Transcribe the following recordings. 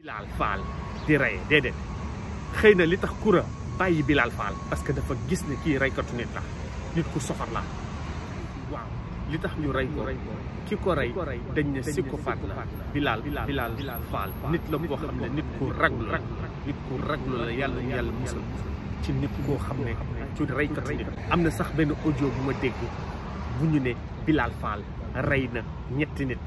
bilal faal di rey déedéet xëy na li tax kura bàyyi bilal faal parce que dafa gis ne kii reykatu nit la nit ku soxor la waaw li tax ñu rey ko ki ko rey dañ ne psychopathe la bilal bilal faal nit la boo xam ne nit ku raglu la nit ku raglu la yàlla yàlla musal ci nit koo xam ne ci reykatu nit am na sax benn audio bu ma dégg bu ñu ne bilal faal rey na ñetti nit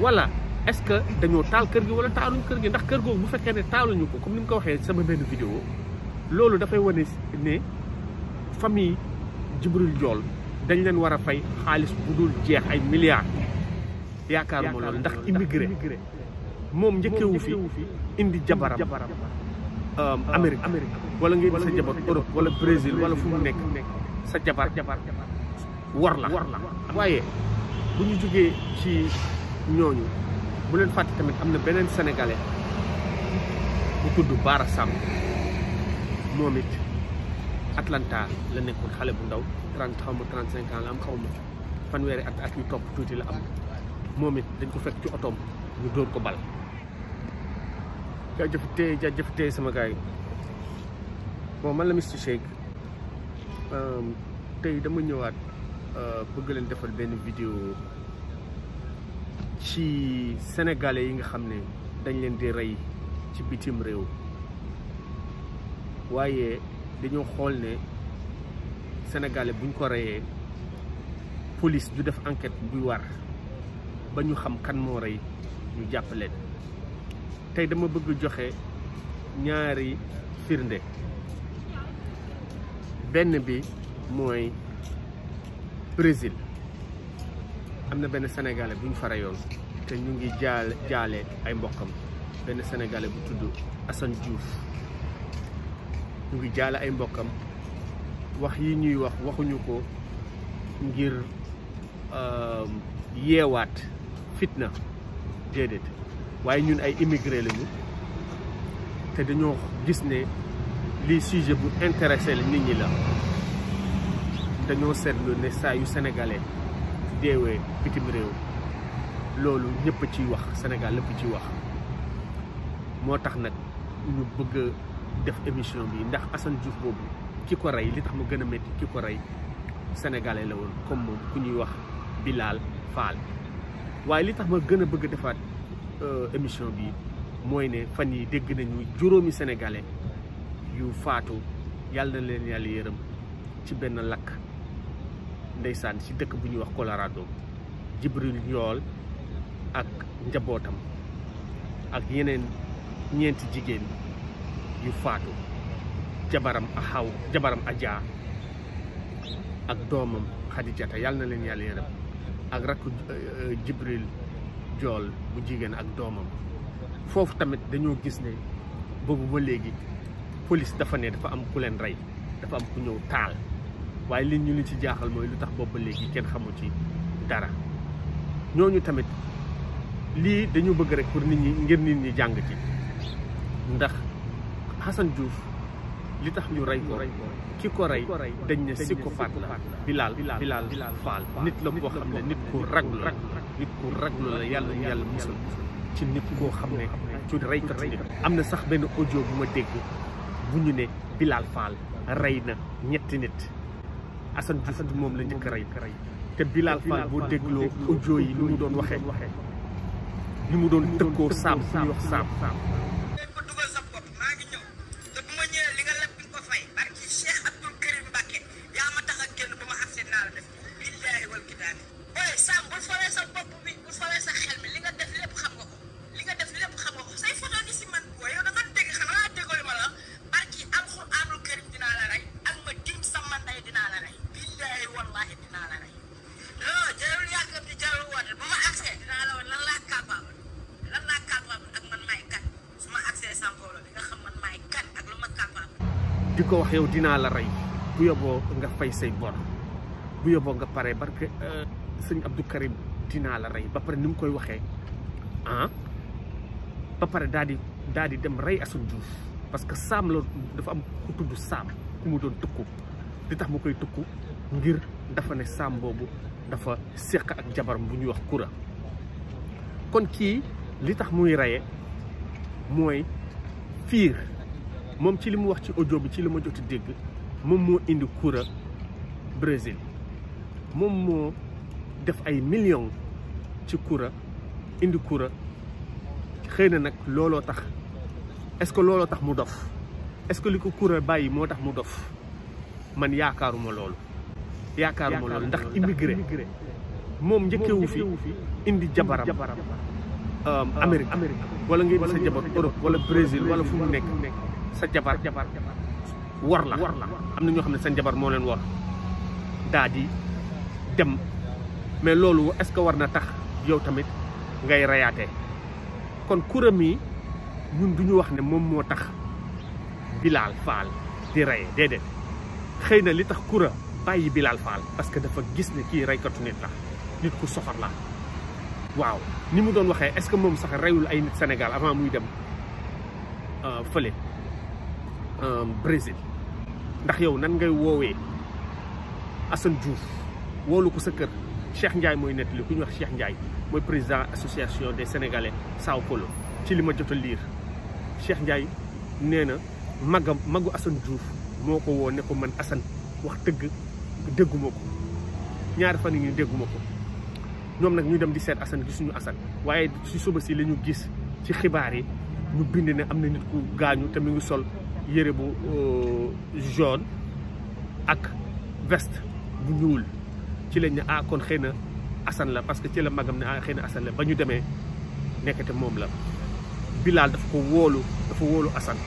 wala est ce que dañu tal kër gi wala taaluñ kër gi ndax kër googu bu fekkene ne ko comme nim ko waxe sama benn vidéo da fay wone né famille jibril Diol dañ leen wara fay xaalis bu dul jeex ay milliards yaakaar mo lolu ndax immigré mom njëkkewu fi indi jabaram um, um, Amérique wala ngay sa jabar Europe wala Brésil wala fu mu nek sa jabar war la la bu ñu ci ñooñu bu leen fàtte tamit am na beneen sénégalais bu tudd Bara sam moom it Atlanta la nekkul xale bu ndaw 30 xaw ma 35 ans la am xaw ma fanweeri at ak yu topp tuuti la am moom it dañ ko fekk ci otoom ñu dóor ko bal jaajëf tey jaajëf tey sama gars yi bon man la Mister Shake euh, tey dama ñëwaat euh, bëgg leen defal benn vidéo ci sénégalais yi nga xam ne dañ leen di rey ci bitim réew waaye dañoo xool ne sénégalais buñ ko reyee police du def enquête buy war ba ñu xam kan moo rey ñu jàpp leen tey dama bëgg joxe ñaari firnde benn bi mooy Brésil am na benn sénégalais buñ ñu fa te ñu ngi jaal jaale ay mbokkam benn sénégalais bu tudd Assane Diouf ñu ngi jaale ay mbokkam wax yi ñuy wax waxuñu ko ngir euh, yeewaat fitna déedéet waaye ñun ay immigré lañu te dañoo gis ne lii sujet bu intéressé la nit ñi la dañoo seetlu ne saa yu sénégalais. deewee bitim réew loolu ñëpp ciy wax Sénégal lépp ci wax moo tax nag ñu bëgg def émission bi ndax Assane Diouf boobu ki ko rey li tax ma gën a métti ki ko rey sénégalais la woon comme moom ku ñuy wax Bilal Fall waaye li tax ma gën a bëgg a defaat euh, émission bi mooy ne fan yi dégg nañu juróomi sénégalais yu faatu yàlla na leen yàlla yërëm ci benn lakk ndeysaan ci dëkk bu ñuy wax Colorado Jibril Njool ak njabootam ak yeneen ñeenti jigéen yu faatu jabaram a xaw jabaram Adja ak doomam Xadijata yàlla na leen yàlla yërëm ak rakku euh, euh, Jibril Njool bu jigéen ak doomam foofu tamit dañoo gis ne boobu ba léegi police dafa ne dafa am ku leen rey dafa am ku ñëw taal waaye li ñu li ci jaaxal mooy lu tax boobu léegi kenn xamu ci dara ñooñu tamit lii dañu bëgg rek pour nit ñi ngir nit ñi jàng ci ndax Assane juuf li tax ñu rey ko ki ko rey dañ ne psychopathe la Bilal Bilal Fall nit la boo xam ne nit ku raglu la nit ku raglu la yàlla yàlla musal ci nit koo xam ne ci reykat nit am na sax benn audio bu ma dégg bu ñu ne Bilal Fall rey na ñetti nit Assane Diouf moom la njëkk rey te Bilal Fall boo dégloo audio yi li mu doon waxee ni mu doon tëkkoo saam suñu wax saam diko wax yow dina la ray bu yobo nga fay say bor bu yobo nga pare barke eh, seigne Abdou Karim dina la ray ba paré nim koy waxé ah ba paré dadi dadi dem ray asun djouf parce que sam la dafa am ku tuddu sam ku mu don tukku di tax mu koy tukku ngir dafa ne sam bobu dafa sekk ak jabar bu ñu wax kura kon ki li tax muy rayé moy fiir moom ci li mu wax ci audio bi ci li ma jot dégg moom moo indi Coura Brésil moom moo def ay millions ci Coura indi Coura xëy na nag looloo tax est-ce que looloo tax mu dof est-ce que li ko Coura bàyyi moo tax mu dof man yaakaaruma loolu. yaakaaruma loolu ndax immigré moom njëkkewu fi indi jabaram. Euh, Amérique wala ngay di sa jabar Europe wala Brésil wala fu mu nekk. sa jabar jabar war la am na ñoo xam ne seen jabar moo leen war daa di dem mais loolu est-ce war na tax yow tamit ngay rayaatee kon kuram yi ñun du ñu wax ne moom moo tax Bilal Fall di rey déedéet xëy na li tax kura bàyyi Bilal Fall parce que dafa gis ne kii reykatu nit la nit ku soxor la waaw ni mu doon waxee est-ce que moom sax reyul ay nit Sénégal avant muy dem euh, fële Euh, Brésil ndax yow nan ngay woowee Assane Diouf woolu ko sa kër Cheikh Ndiaye mooy nettali ku ñuy wax Cheikh Ndiaye mooy président association des sénégalais Sao Paulo ci li ma jot liir Cheikh Ndiaye nee na magam magu Assane Diouf moo ko woo ne ko man Assane wax dëgg dégguma ko ñaari fan yi dégguma ko ñoom nag ñu dem di seet Assane suñu Assane waaye ci suba si lañu gis ci xibaar yi ñu bind ne am na nit ku gaañu te mi ngi sol. yére bu euh, jaune ak veste bu ñuul ci lañ ne ah kon xëy na Assane la parce que ci la magam ne a ah, xëy na Assane la ba ñu demee nekkate moom la Bilal dafa ko wóolu dafa wóolu Assane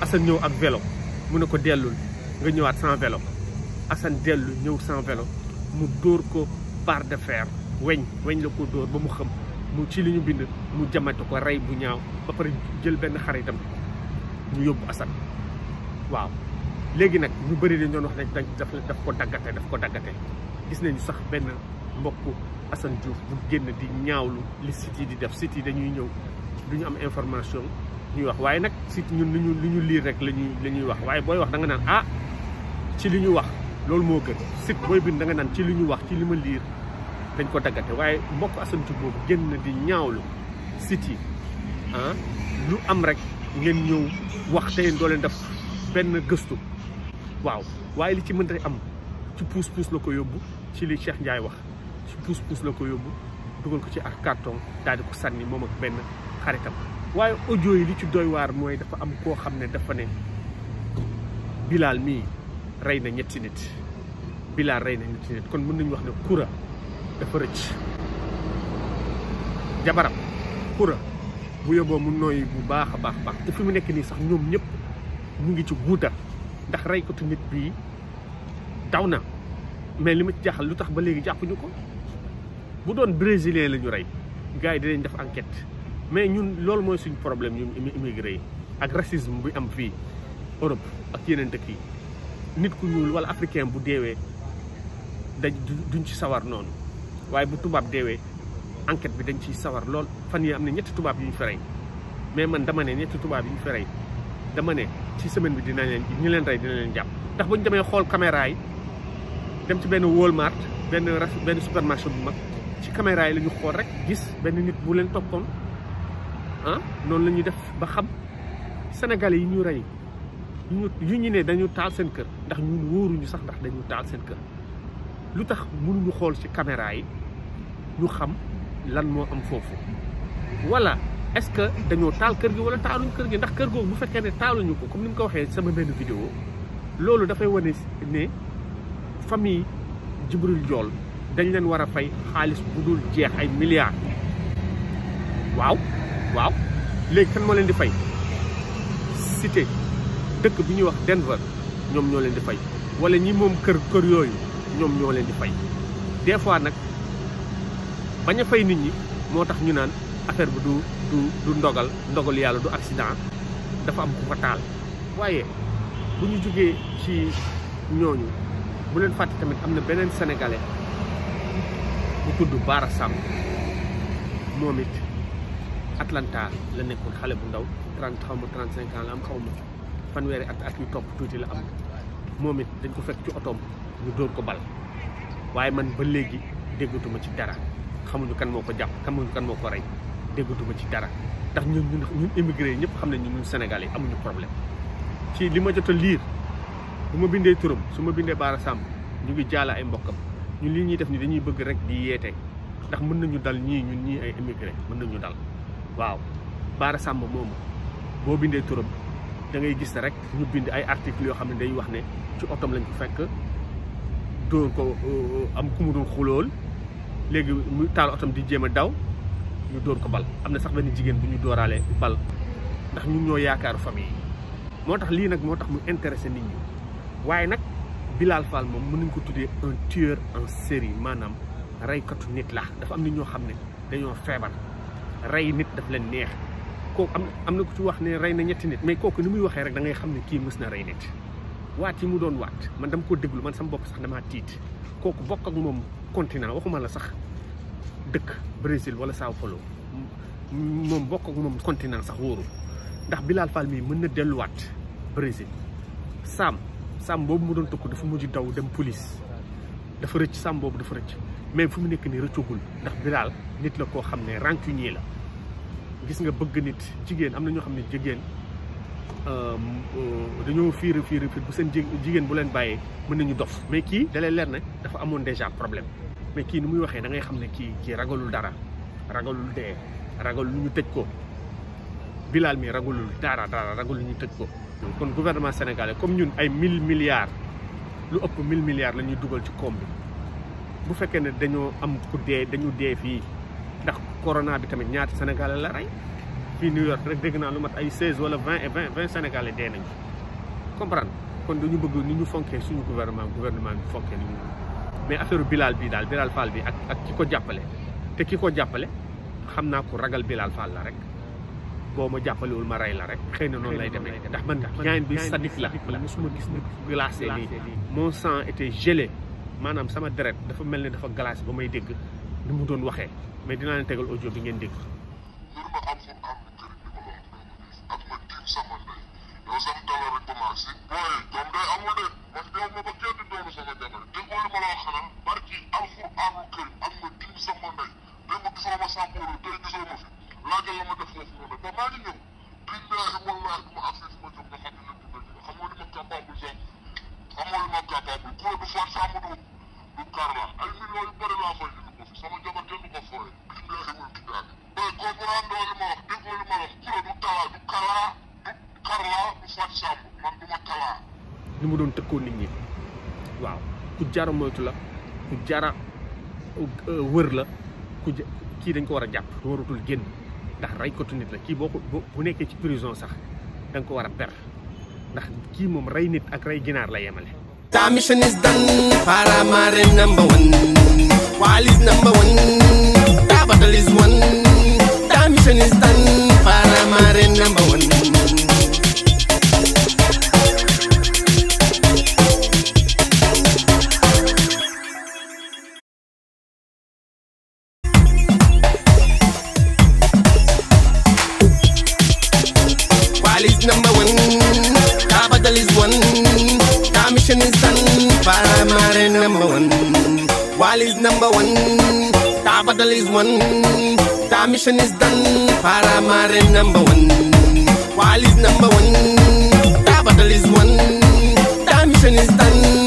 Assane ñëw ak velo mu ne ko dellul nga ñëwaat sans vélo Assane dellu ñëw sans velo mu dóor ko par de fer weñ weñ la ko dóor ba mu xam mu ci li ñu bind mu jamante ko rey bu ñaaw ba pare jël benn xaritam ñu yóbbu Assane waaw léegi nag ñu bëri dañ doon wax rek dañ daf daf ko daggate daf ko daggate gis nañu sax benn mbokk asan Diouf bu génn di ñaawlu li city di def city dañuy ñëw duñu am information ñuy wax waaye nag site ñun lu ñu lu ñu lire rek la ñuy la ñuy wax waaye booy wax da nga naan ah ci li ñu wax loolu moo gën sit booy bind da nga naan ci li ñu wax ci li ma dañ ko daggate waaye mbokk asan Diouf boobu génn di ñaawlu city ah lu am rek ngeen ñëw wax te doo leen def benn gëstu waaw waaye li ci mën am ci puus puus la ko yóbbu ci li Cheikh Ndiaye wax ci puus puus la ko yóbbu dugal ko ci ak carton daal di ko sànni moom ak benn xaritam waaye audio yi li ci doy waar mooy dafa am koo xam ne dafa ne Bilal mii rey na ñetti nit Bilal rey na ñetti kon mën nañu wax ne Koura dafa rëcc jabaram Koura bu yóbboo mu nooy bu baax a baax baax te fi mu nekk nii sax ñoom ñëpp mu ngi ci guuta ndax reykatu nit bii daw na mais li ma ci jaaxal lu tax ba léegi jàppuñu ko bu doon brésilien lañu rey gars yi dinañ def enquête mais ñun loolu mooy suñu problème ñun immigré yi ak racisme bi am fii Europe ak yeneen dëkk yi nit ku ñuul wala africain bu deewee dañ duñ ci sawar noonu waaye bu tubaab deewee enquête bi dañ ciy sawar lool fan yi am na ñetti tubaab yu ñu fi rey mais man dama ne ñetti tubaab yu ñu rey dama ne ci semaine bi dina leen ñu leen rey dina leen jàpp ndax bu ñu demee xool caméra dem ci benn Walmart benn raf benn supermarché bu mag ci caméra yi la ñu xool rek gis benn nit bu leen toppoon ah noonu la ñuy def ba xam sénégal yi ñu rey ñu yu ñu ne dañu taal seen kër ndax ñun wóoruñu sax ndax dañu taal seen kër lu tax mënuñu xool ci caméra yi ñu xam lan moo am foofu wala est-ce que dañoo taal kër gi wala taaluñ kër gi ndax kër googu bu fekkee ne taaluñu ko comme ni mu ko waxee sama benn vidéo loolu dafay wane ne famille Djibril Diol dañ leen war a fay xaalis bu dul jeex ay milliards waaw waaw léegi kan moo leen di fay cité dëkk bi ñuy wax Denver ñoom ñoo leen di fay wala ñi moom kër kër yooyu ñoom ñoo leen di fay des fois nag bañ a fay nit ñi moo tax ñu naan affaire bi du du du ndogal ndogal yalla du accident dafa am ku ko taal waaye bu ñu ci ñooñu bu len fàtte tamit amna benen sénégalais bu tuddu Bara sam momit Atlanta la nekkul xalé bu ndaw 30 xaw 35 ans la am xaw fan wéré at at la am momit dañ ko fekk ci autom ñu door ko bal waye man ba légui déggutuma ci dara xamuñu kan moko japp xamuñu kan moko ray déggatuma ci dara ndax ñun ñun ñun immigré ñëpp xam nañ ñun sénégalais amuñu problème ci li ma jot a liir bu ma bindee turam su ma bindee baara ñu ngi jala ay mbokam ñun li ñi def ni dañuy bëgg rek di yété ndax mën nañu dal ñi ñun ñi ay immigré mën nañu dal waaw bara sam mom bo bindé turum da ngay gis rek ñu bind ay article yo xamne day wax ne ci otom lañ ko fekk do ko euh, am kumu mu xulol xulool mu taal otom di jema daw ñu dóor ko bal am na sax benn jigéen bu ñu dooraale bal ndax ñun ñoo yaakaaru famille yi moo tax lii nag moo tax mu intéressé nit ñi waaye nag Bilal Fall moom mën nañ ko tuddee un tueur en maanaam reykatu nit la dafa am nit ñoo xam ne dañoo feebar rey nit daf leen neex kooku am am na ku ci wax ne rey na ñetti nit mais kooku ni muy waxee rek da ngay xam ne kii mës na rey nit waat yi mu doon waat man dama koo déglu man sama bopp sax damaa tiit kooku bokk ak moom continent waxuma la sax dëkk Brésil wala Sao Paulo moom bokk ak moom continent sax wóoru ndax Bilal Fall mii mën na delluwaat Brésil sam sam boobu mu doon tëkku dafa mujj daw dem police dafa rëcc sam boobu dafa rëcc mais fu mu nekk nii rëccagul ndax Bilal nit la koo xam ne rancunier la gis nga bëgg nit jigéen am na ñoo xam ne jigéen euh, euh, dañoo fiir fiir fiir bu seen jigéen bu leen bàyyee mën nañu dof mais kii da lay leer ne dafa amoon déjà problème mais kii ni muy waxee da ngay xam ne kii kii ragalul dara ragalul dee ragalul ñu tëj ko Bilal mii ragalul dara dara ragalul ñu tëj ko. kon gouvernement sénégalais comme ñun ay mille milliards lu ëpp mille milliards lañuy dugal ci koom bi bu fekkee ne dañoo am ku dee dañu dee fii ndax corona bi tamit ñaata sénégalais la rey fii New York rek dégg naa lu mat ay seize wala vingt et vingt vingt dee nañu comprendre kon dañu bëgg ni ñu fonkee suñu gouvernement gouvernement bi fonkee ni mais affaire Bilal bii daal Bilal Fall bi ak ak ki ko jàppale te ki ko jàppale xam naa ko ragal Bilal Fall la rek boo ma jàppalewul ma rey la rek xëy na noonu lay demee ndax man gaañ bi sadique la suma gis ni glacé nii mon sang était gelé maanaam sama deret dafa mel ni dafa glacé ba may dégg ni mu doon waxee mais dinaa leen tegal audio bi ngeen dégg de man dew ma ba kenn doonu sama jabar déggoo ma laa xanaa barki alxuraanu karim am na dim sama ndey démb gisoo ma sàmmoolu tey gisoo ma fi laajal la ma def foofu noonu ba maa ngi ñëw billaahi wallaahi ma agsi fi ma jëm nga xam ne lépp dëgg la xamoo li ma capable jàpp xamoo li ma capable ku la du faat ni mu doon tëkkoo nit ñi waaw ku jara moytu la ku jara euh, wër la ku kii dañ ko war a jàpp waratul génn ndax rey ko nit la kii boo ko bu nekkee ci prison sax dañ ko war a per ndax kii moom rey nit ak rey ginaar la yemale Ta mission is done, Paramare number one, Wally's number one. Wall is number one. Ta battle is one. Ta mission is done. Paramare number one. Wall is number one. Ta battle is one. Ta mission is done.